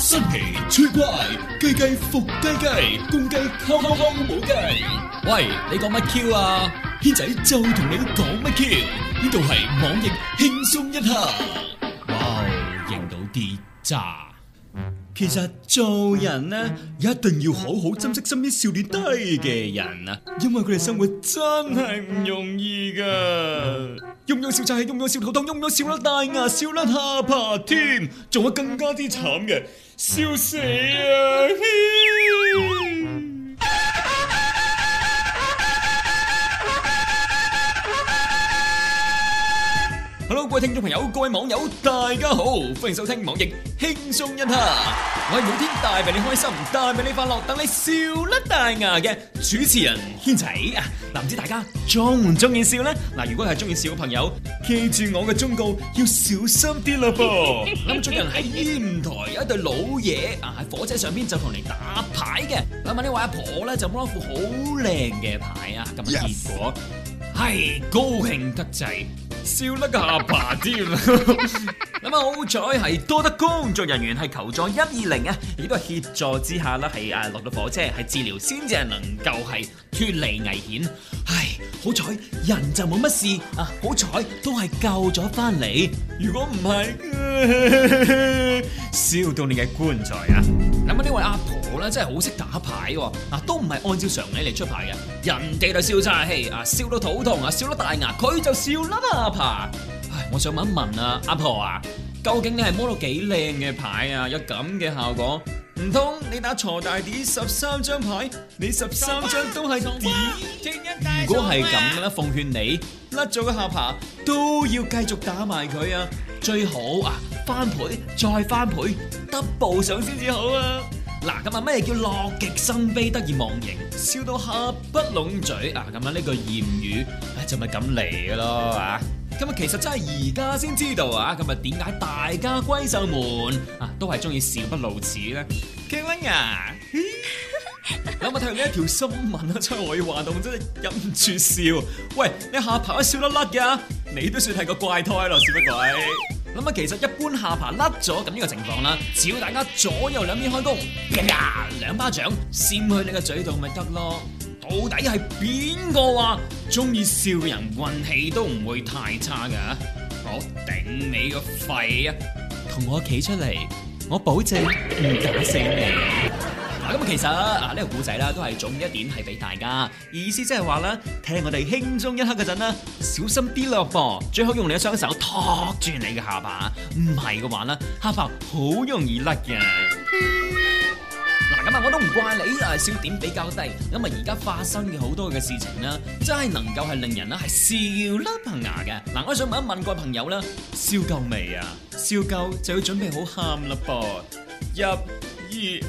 新奇趣怪，雞雞伏雞雞，公雞敲敲敲，冇雞。喂，你講乜 Q 啊？軒仔就同你講乜 Q？呢度係網易輕鬆一刻，哇，認到啲渣。其實做人咧，一定要好好珍惜身邊笑點低嘅人啊，因為佢哋生活真係唔容易噶，用咗笑就柴，用咗笑肚痛，用咗笑甩大牙，笑甩下巴，添，仲有更加之慘嘅，笑死啊！ 聽眾朋友、各位網友，大家好，歡迎收聽《網易輕鬆一刻》，我係每天帶俾你開心、帶俾你快樂、等你笑甩大牙嘅主持人軒仔啊！嗱，唔知大家中唔中意笑咧？嗱，如果係中意笑嘅朋友，記住我嘅忠告，要小心啲咯噃。咁最近喺煙台有一對老嘢啊，喺火車上邊就同你打牌嘅。諗諗呢位阿婆咧，就摸一副好靚嘅牌啊，咁結果係高興得滯。笑甩個下巴添，咁啊好彩係多得工作人員係求助一二零啊，亦都係協助之下啦，係啊落到火車係治療先至係能夠係脫離危險。唉，好彩人就冇乜事啊，好彩都係救咗翻嚟。如果唔係，笑、啊、到你嘅棺材啊！咁啊！呢位阿婆咧，真係好識打牌喎，都唔係按照常理嚟出牌嘅，人哋就笑岔氣，啊笑到肚痛啊，笑到大牙，佢就笑甩下巴。唉，我想問一問啊，阿婆，婆啊，究竟你係摸到幾靚嘅牌啊？有咁嘅效果，唔通你打鋤大 D 十三張牌，你十三張都係 D？如果係咁啦，奉勸你甩咗個下巴，都要繼續打埋佢啊，最好啊！翻倍再翻倍，得步上先至好啊！嗱，咁啊，咩叫樂極生悲，得意忘形，笑到合不攏嘴啊！咁啊呢個諺語就咪咁嚟嘅咯啊！咁啊其實真係而家先知道啊！咁啊點解大家閨秀們啊都係中意笑不露齒咧？諗下睇完呢一條新聞啊，出去我要滑動，真係忍唔住笑。喂，你下巴都笑甩甩㗎，你都算係個怪胎咯，只不鬼。係諗下，其實一般下巴甩咗咁呢個情況啦，只要大家左右兩邊開弓，啪兩巴掌扇去你個嘴度咪得咯。到底係邊個話中意笑嘅人運氣都唔會太差嘅？我頂你個肺啊！同我企出嚟，我保證唔打死你。咁、啊、其實啊，呢、這個故仔啦，都係總一點係俾大家，意思即係話咧，睇我哋輕鬆一刻嗰陣咧，小心啲咯噃，最好用你嘅雙手托住你嘅下巴，唔係嘅話咧，下巴好容易甩嘅。嗱、啊，咁啊，我都唔怪你，笑點比較低。咁啊，而家發生嘅好多嘅事情咧，真係能夠係令人咧係笑甩棚牙嘅。嗱、啊，我想問一問個朋友咧，笑夠未啊？笑夠就要準備好喊啦噃，一、二。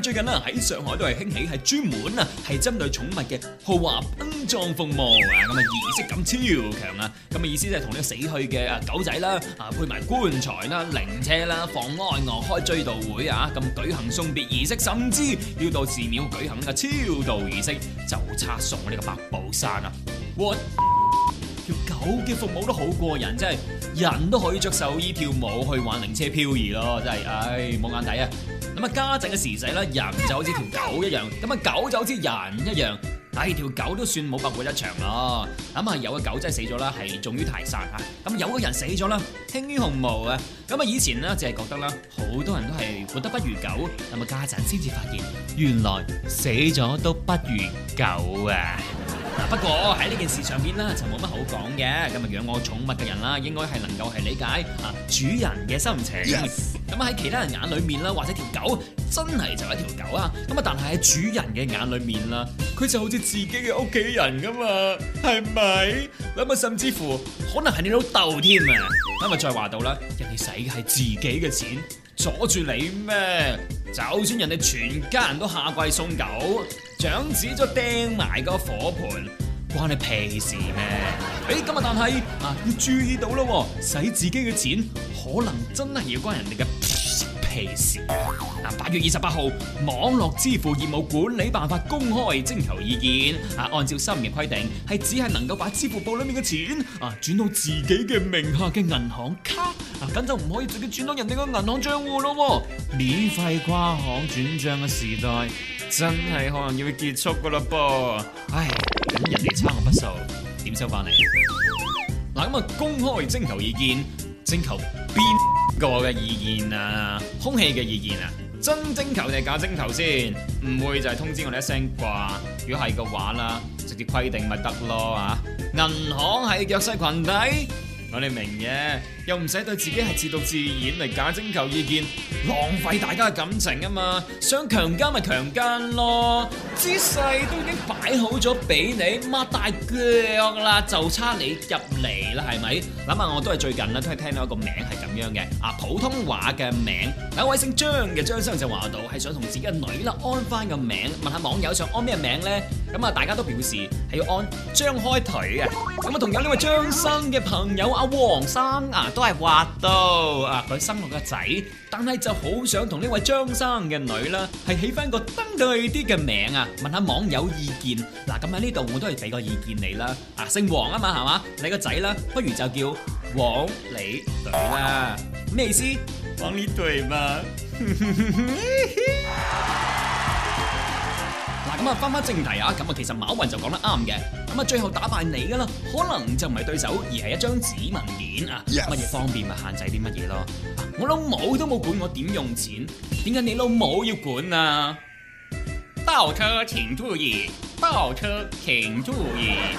最近咧喺上海都係興起專的，係專門啊係針對寵物嘅豪華殯葬服務啊，咁儀式感超強啊！咁意思即係同埋死去嘅啊狗仔啦，啊配埋棺材啦、靈車啦、放哀樂、開追悼會啊，咁舉行送別儀式，甚至要到寺廟舉行呢個超度儀式，就差送呢個八寶山啊！哇，條狗嘅服務都好過人，真係人都可以着壽衣跳舞去玩靈車漂移咯，真係，唉，冇眼睇啊！咁啊，家陣嘅時勢，人就好似條狗一樣，咁啊狗就好似人一樣，但係條狗都算冇白活一場啦，咁啊有嘅狗真係死咗啦，係重於泰山，咁有嘅人死咗啦，輕於鴻毛啊，咁啊以前呢，只係覺得啦，好多人都係活得不如狗，咁啊家陣先至發現，原來死咗都不如狗啊！啊、不過喺呢件事上邊咧就冇乜好講嘅，咁啊養我寵物嘅人啦，應該係能夠係理解啊主人嘅心情。咁喺 Yes!、啊、其他人眼裏面啦，或者條狗真係就係一條狗啊，咁啊但係喺主人嘅眼裏面啦，佢就好似自己嘅屋企人㗎嘛，係咪？咁啊甚至乎可能係你老豆添啊，咁啊再話到啦，人哋使嘅係自己嘅錢，阻住你咩？就算人哋全家人都下跪送狗，長子都掟埋個火盆，關你屁事咩？誒、哎，噉啊，但係啊，要注意到咯，使自己嘅錢，可能真係要關人哋嘅。其實嗱，八月二十八號，網絡支付業務管理辦法公開徵求意見。啊，按照新嘅規定，係只係能夠把支付寶裏面嘅錢啊轉到自己嘅名下嘅銀行卡，啊咁就唔可以直接轉到人哋嘅銀行賬戶咯。免費跨行轉賬嘅時代真係可能要結束噶啦噃。唉，咁人哋差我乜數，點收翻嚟？嗱咁啊，公開徵求意見，徵求邊？個嘅意見啊，空氣嘅意見啊，真徵求定假徵求先，唔會就係通知我哋一聲啩？如果係嘅話啦，直接規定咪得咯啊。銀行係弱勢群體，我哋明嘅。又唔使對自己係自導自演嚟假徵求意見，浪費大家嘅感情啊嘛！想強姦咪強姦咯，姿勢都已經擺好咗俾你擘大腳啦，就差你入嚟啦，係咪？諗下我都係最近啦，都係聽到一個名係咁樣嘅啊，普通話嘅名，有一位姓張嘅張生就話到係想同自己嘅女啦安翻個名，問下網友想安咩名咧？咁啊，大家都表示係要安張開腿啊。咁啊，仲有呢位張生嘅朋友阿黃生啊。都係挖到啊！佢生落個仔，但係就好想同呢位張生嘅女啦，係起翻個登對啲嘅名啊！問下網友意見。嗱，咁喺呢度我都係俾個意見你啦。啊，姓黃啊嘛係嘛，你個仔啦，不如就叫黃李對啦。咩意思？黃李對嘛。咁啊，翻翻正題啊，咁啊，其實馬雲就講得啱嘅。咁啊，最後打敗你嘅啦，可能就唔係對手，而係一張紙文件啊，乜嘢 Yes. 方便，咪限制啲乜嘢咯。我老母都冇管我點用錢，點解你老母要管啊？倒車請注意，倒車請注意。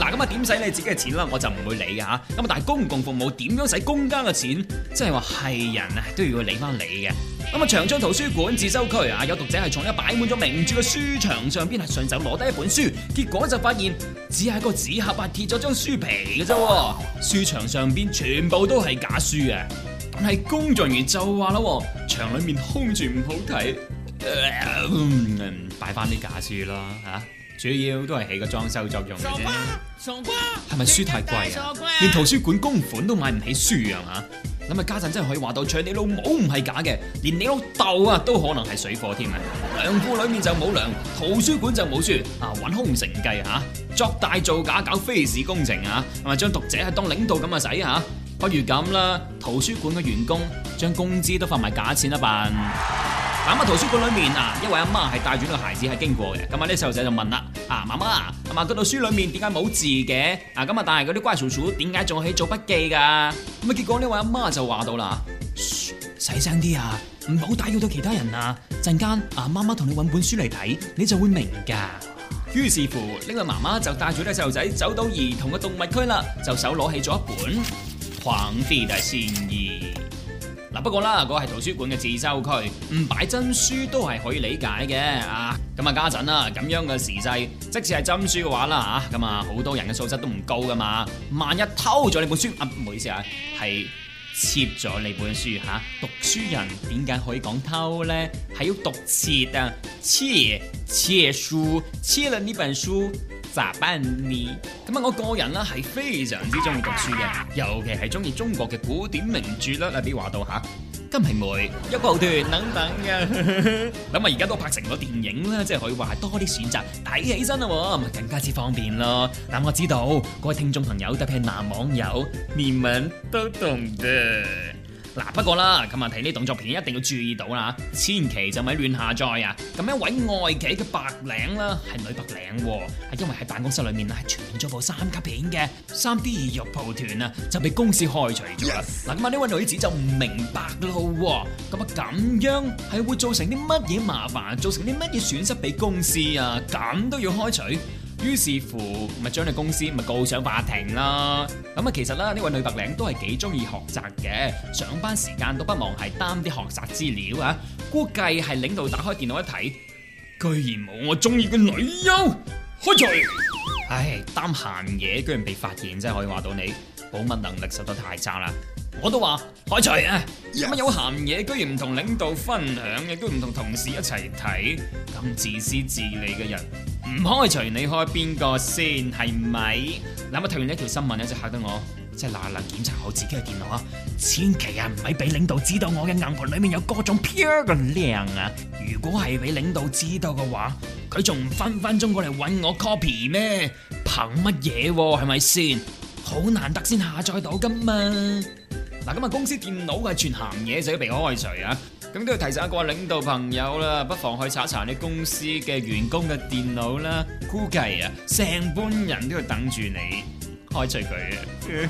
嗱，咁啊，點使你自己嘅錢啦，我就唔會理嘅吓。咁啊，但係公共服務點樣使公家嘅錢，即係話係人啊，都要去理翻你嘅。咁啊，長春圖書館自修區啊，有讀者係從一個擺滿咗名著嘅書牆上邊係順手攞低一本書，結果就發現只係個紙盒盒貼咗張書皮嘅啫，書牆上邊全部都係假書啊！但係工作人員就話啦，牆、啊、裏面空住唔好睇，擺翻啲假書啦，吓、啊。主要都係起個裝修作用嘅啫，係咪書太貴啊？連圖書館公款都買唔起書啊？吓，咁啊家陣真係可以話到，唱你老母唔係假嘅，連你老豆啊都可能係水貨添啊！糧庫裏面就冇糧，圖書館就冇書啊，玩空城計啊，作大造假搞飛市工程啊，係咪將讀者係當領導咁啊使啊？不如咁啦，圖書館嘅員工將工資都發埋假錢一辦。喺啊圖書館裏面啊，一位阿媽係帶住個孩子係經過嘅，咁啊呢細路仔就問啦：啊，媽媽，啊嘛嗰度書裏面點解冇字嘅？啊咁啊，但係嗰啲乖叔叔點解仲喺做筆記噶？咁啊，結果呢位阿媽，媽就話到啦：噓，細聲啲啊，唔好打擾到其他人啊！陣間啊，媽媽同你搵本書嚟睇，你就會明噶。於是乎，呢位媽媽就帶住啲細路仔走到兒童嘅動物區啦，就手攞起咗一本《皇帝的新衣嗱，不過啦，嗰係圖書館嘅自修區，唔擺真書都係可以理解嘅啊。咁啊，家陣啦，咁樣嘅時勢，即使係真書嘅話啦啊，咁啊，好多人嘅素質都唔高噶嘛。萬一偷咗你本書啊，唔好意思啊，係切咗你本書吓，啊。讀書人點解可以講偷咧？係要讀切啊，切切書，切了呢本書。咋班你，咁啊，我個人咧係非常之中意讀書嘅，尤其係中意中國嘅古典名著啦。你話到吓，《金瓶梅》《肉蒲團》等等嘅，咁啊，而家都拍成咗電影啦，即係可以話多啲選擇睇起身啦，咪更加之方便咯。但我知道各位聽眾朋友特別係男網友，你們都懂嘅。嗱，不過啦，咁啊睇呢動作片一定要注意到啦，千祈就咪亂下載啊！咁一位外企嘅白領啦，係女白領，係因為喺辦公室裏面咧傳咗部三級片嘅三 D 肉蒲團啊，就俾公司開除咗。嗱，咁啊呢位女子就唔明白咯，咁啊咁樣係會造成啲乜嘢麻煩，造成啲乜嘢損失俾公司啊？咁都要開除？於是乎，咪將你公司咪告上法庭啦。咁啊，其實啦，呢位女白領都係幾中意學習嘅，上班時間都不忘係擔啲學習資料啊。估計係領導打開電腦一睇，居然冇我中意嘅女優，開除！唉，擔咸嘢，居然被發現，真係可以話到你保密能力實在太差啦。我都話開除啊！乜 Yes! 有咸嘢，居然唔同領導分享，亦都唔同同事一齊睇，咁自私自利嘅人。唔開除你開邊個先係咪？諗下睇完呢條新聞咧，就嚇到我，即係嗱嗱檢查好自己嘅電腦啊！千祈啊唔係俾領導知道我嘅硬盤裏面有各種 pure 嘅靚啊！如果係俾領導知道嘅話，佢仲唔分分鐘過嚟搵我 copy 咩？憑乜嘢係咪先？好難得先下載到噶嘛！嗱，咁日公司電腦嘅存咸嘢，就要俾我開除啊！咁都要提醒一個領導朋友啦，不妨去查查你公司嘅員工嘅電腦啦，估計啊成班人都要等住你開除佢。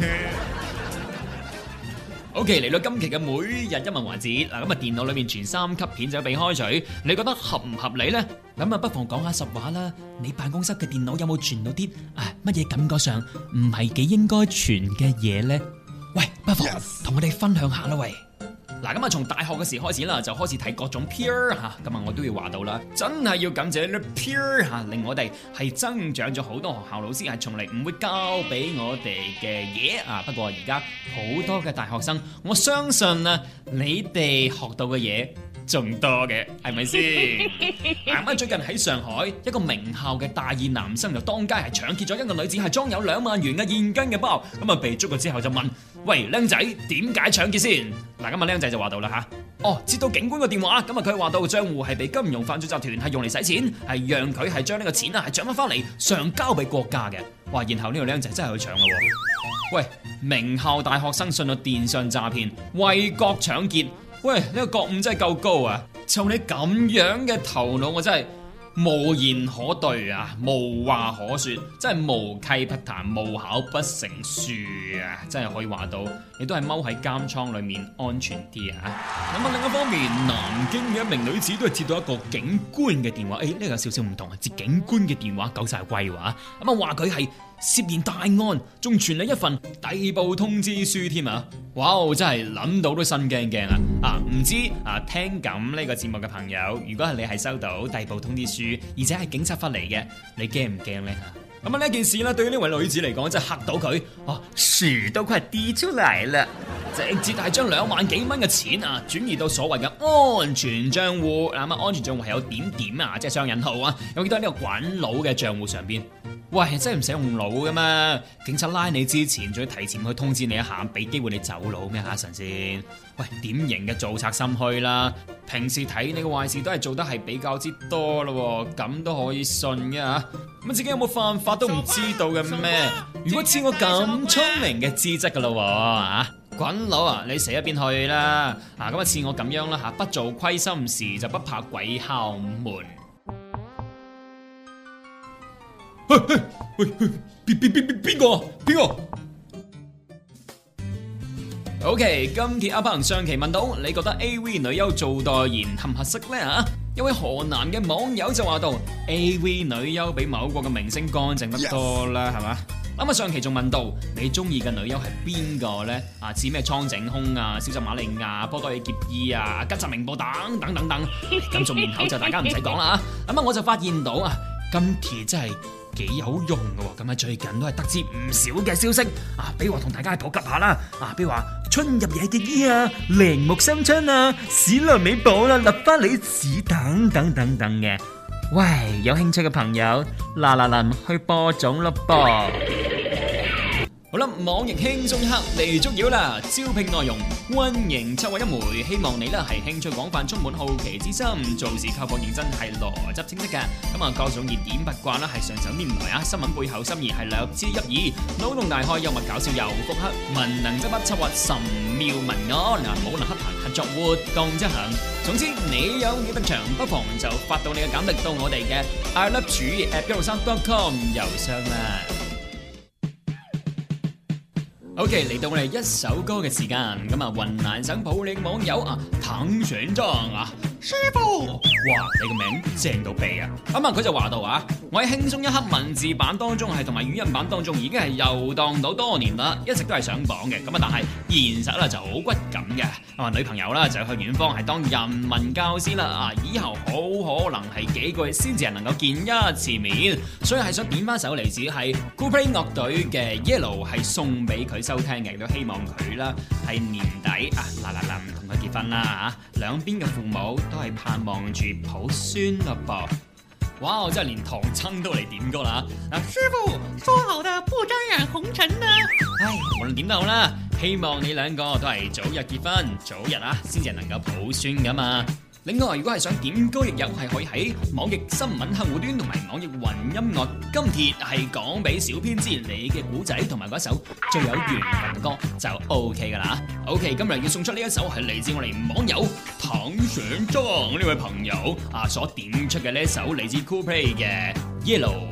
OK，嚟到今期嘅每日一問環節嗱，咁啊電腦裏面傳三級片就俾開除，你覺得合唔合理咧？咁啊不妨講下實話啦，你辦公室嘅電腦有冇傳到啲啊乜嘢感覺上唔係幾應該傳嘅嘢咧？喂，不妨同我哋分享下啦，喂。嗱，咁啊，從大學嘅時候開始啦，就開始睇各種 pure 吓、er,，咁啊，我都要話到啦，真係要感謝啲 pure 吓、er,，令我哋係增長咗好多學校老師係從嚟唔會教俾我哋嘅嘢啊。不過而家好多嘅大學生，我相信啊，你哋學到嘅嘢。仲多嘅，係咪先？啱啱 最近喺上海，一個名校嘅大二男生就當街係搶劫咗一個女子係裝有兩萬元嘅現金嘅包，咁啊被捉咗之後就問：喂，靚仔點解搶劫先？嗱、啊，咁啊靚仔就話到啦吓，哦，接到警官個電話，咁啊佢話到個賬戶係俾金融犯罪集團係用嚟使錢，係讓佢係將呢個錢啊係搶翻翻嚟上交俾國家嘅。哇，然後呢個靚仔真係去搶嘅。喂，名校大學生信到電信詐騙，為國搶劫。喂，呢個覺悟真係夠高啊！就你咁樣嘅頭腦，我真係無言可對啊，無話可說，真係無稽不談，無巧不成書啊！真係可以話到。你都係踎喺監倉裏面安全啲啊！咁啊另一方面，南京嘅一名女子都係接到一個警官嘅電話，誒，呢個有少少唔同啊，接警官嘅電話夠曬貴喎嚇！咁啊話佢係涉嫌大案，仲傳嚟一份逮捕通知書添啊！哇哦，我真係諗到都心驚驚啊！啊唔知啊聽緊呢個節目嘅朋友，如果係你係收到逮捕通知書，而且係警察發嚟嘅，你驚唔驚咧？咁啊！呢件事啦，對於呢位女子嚟講，真、就、係、是、嚇到佢，啊，屎都快啲跌出嚟啦。直接係將兩萬幾蚊嘅錢啊轉移到所謂嘅安全賬戶，嗱啊，安全賬戶係有點點啊，即係雙引號啊，有幾多喺呢個滾腦嘅賬戶上邊？喂，真係唔使用腦噶嘛？警察拉你之前，仲要提前去通知你一下，俾機會你走佬咩吓？神先，喂，典型嘅做賊心虛啦！平時睇你嘅壞事都係做得係比較之多咯，咁都可以信嘅吓？咁、啊、自己有冇犯法都唔知道嘅咩？如果似我咁聰明嘅資質噶咯，啊！滾佬啊！你死一邊去啦！嗱咁啊，似我咁樣啦吓，不做虧心事就不怕鬼敲門。喂喂喂！邊邊邊邊邊個？邊個？OK，金鐵阿鵬上期問到，你覺得 AV 女優做代言合唔合適咧？吓，一位河南嘅網友就話到 AV 女優比某國嘅明星乾淨得多啦，係嘛？咁啊，上期仲問到你中意嘅女優係邊個咧？啊，似咩蒼井空啊、小澤瑪利亞、啊、波多野結衣啊、吉澤明步等等等等。咁仲 面口就大家唔使講啦，咁啊， 我就發現到啊，今期真係幾有用嘅喎。咁啊，最近都係得知唔少嘅消息啊，比如話同大家普及下啦啊，比如話春日野結衣啊、鈴木新春啊、史萊美寶啦、啊、立花里子等等等等嘅。喂，有興趣嘅朋友，嗱嗱臨，去播種咯噃！好啦，網易輕鬆一刻嚟捉妖啦！招聘內容、運營策劃一枚，希望你呢係興趣廣泛、充滿好奇之心，做事刻苦認真，係邏輯清晰嘅。咁啊，各種熱點八卦啦，係上手拈來啊，新聞背後深意係略知一二，腦洞大開又幽默搞笑又复黑，文能執筆策劃神妙文案、啊，嗱，冇能黑行合作活動執行。總之，你有幾份長，不妨就發到你嘅簡歷到我哋嘅 i love you at 163.com 郵箱啦。O K，嚟到我哋一首歌嘅時間，咁、嗯、啊，雲南省普洱網友啊，騰玄莊啊。師傅，哇！你個名正到鼻啊！咁、嗯、啊，佢就話到啊，我喺輕鬆一刻文字版當中係同埋語音版當中，已經係遊蕩到多年啦，一直都係上榜嘅。咁啊，但係現實啦就好骨感嘅。啊，女朋友啦就去遠方係當人民教師啦啊，以後好可能係幾個月先至係能夠見一次面，所以係想點翻首嚟，指係 Coldplay 樂隊嘅 Yellow 係送俾佢收聽嘅，都希望佢啦係年底啊嗱嗱，啦，啦，啦，同佢結婚啦啊，兩邊嘅父母。都係盼望住抱孫咯噃！哇，我真係連唐僧都嚟點歌啦！嗱、啊，師傅，說好的不沾染紅塵啊！唉，無論點都好啦，希望你兩個都係早日結婚，早日啊，先至能夠抱孫噶嘛～另外，如果係想點歌亦有係可以喺網易新聞客戶端同埋網易雲音樂。今帖係講俾小編知你嘅故仔同埋嗰首最有緣分嘅歌就 O K 噶啦。O K，今日要送出呢一首係嚟自我哋網友躺上妝呢位朋友啊，所點出嘅呢一首嚟自 Coolplay 嘅 Yellow。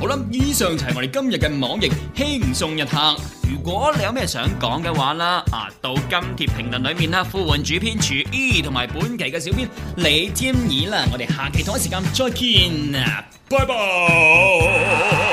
好啦，以上就係我哋今日嘅網易輕鬆一刻。如果你有咩想講嘅話啦，啊，到今貼評論裏面啦，呼喚主編廚 E 同埋本期嘅小編李天爾啦。我哋下期同一時間再見啊，拜拜。好好好好